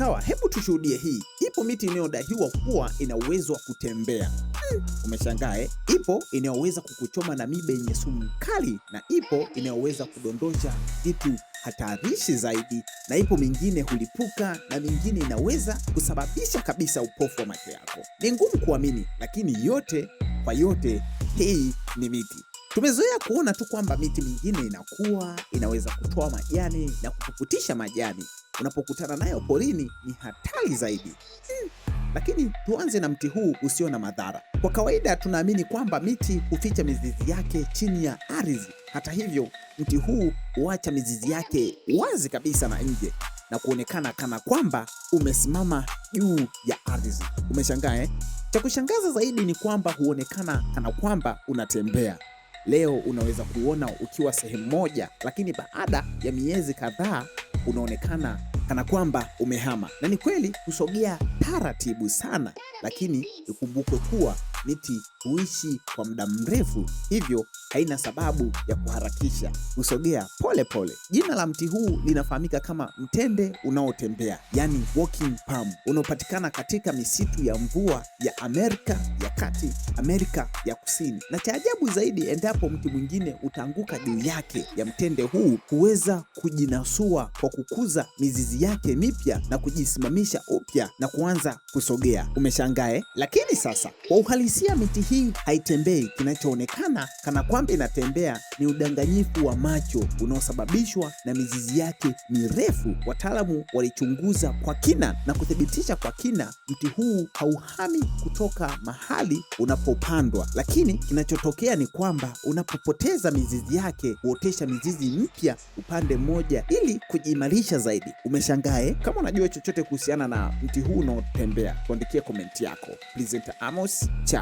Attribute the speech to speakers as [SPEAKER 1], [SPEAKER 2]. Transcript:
[SPEAKER 1] Sawa, hebu tushuhudie hii. Ipo miti inayodaiwa kuwa ina uwezo wa kutembea. Hmm, umeshangaa eh? Ipo inayoweza kukuchoma na mibe yenye sumu kali, na ipo inayoweza kudondosha vitu hatarishi zaidi, na ipo mingine hulipuka, na mingine inaweza kusababisha kabisa upofu wa macho yako. Ni ngumu kuamini, lakini yote kwa yote, hii ni miti. Tumezoea kuona tu kwamba miti mingine inakuwa inaweza kutoa majani na kupukutisha majani, unapokutana nayo porini ni hatari zaidi hmm. Lakini tuanze na mti huu usio na madhara. Kwa kawaida tunaamini kwamba miti huficha mizizi yake chini ya ardhi. Hata hivyo, mti huu huacha mizizi yake wazi kabisa na nje na kuonekana kana kwamba umesimama juu ya ardhi. Umeshangaa eh? Cha kushangaza zaidi ni kwamba huonekana kana kwamba unatembea. Leo unaweza kuona ukiwa sehemu moja, lakini baada ya miezi kadhaa unaonekana kana kwamba umehama, na ni kweli kusogea taratibu sana, lakini ikumbukwe kuwa miti huishi kwa muda mrefu, hivyo haina sababu ya kuharakisha, husogea pole pole. Jina la mti huu linafahamika kama mtende unaotembea, yani walking palm, unaopatikana katika misitu ya mvua ya Amerika ya Kati, Amerika ya Kusini. Na cha ajabu zaidi, endapo mti mwingine utaanguka juu yake ya mtende huu, huweza kujinasua kwa kukuza mizizi yake mipya na kujisimamisha upya na kuanza kusogea. Umeshangae? Lakini sasa kwa uhalisia Kiuhalisia, miti hii haitembei. Kinachoonekana kana kwamba inatembea ni udanganyifu wa macho unaosababishwa na mizizi yake mirefu. Wataalamu walichunguza kwa kina na kuthibitisha kwa kina, mti huu hauhami kutoka mahali unapopandwa, lakini kinachotokea ni kwamba unapopoteza mizizi yake huotesha mizizi mpya upande mmoja ili kujiimarisha zaidi. Umeshangae? Kama unajua chochote kuhusiana na mti huu unaotembea, kuandikia komenti yako. Presenter Amos cha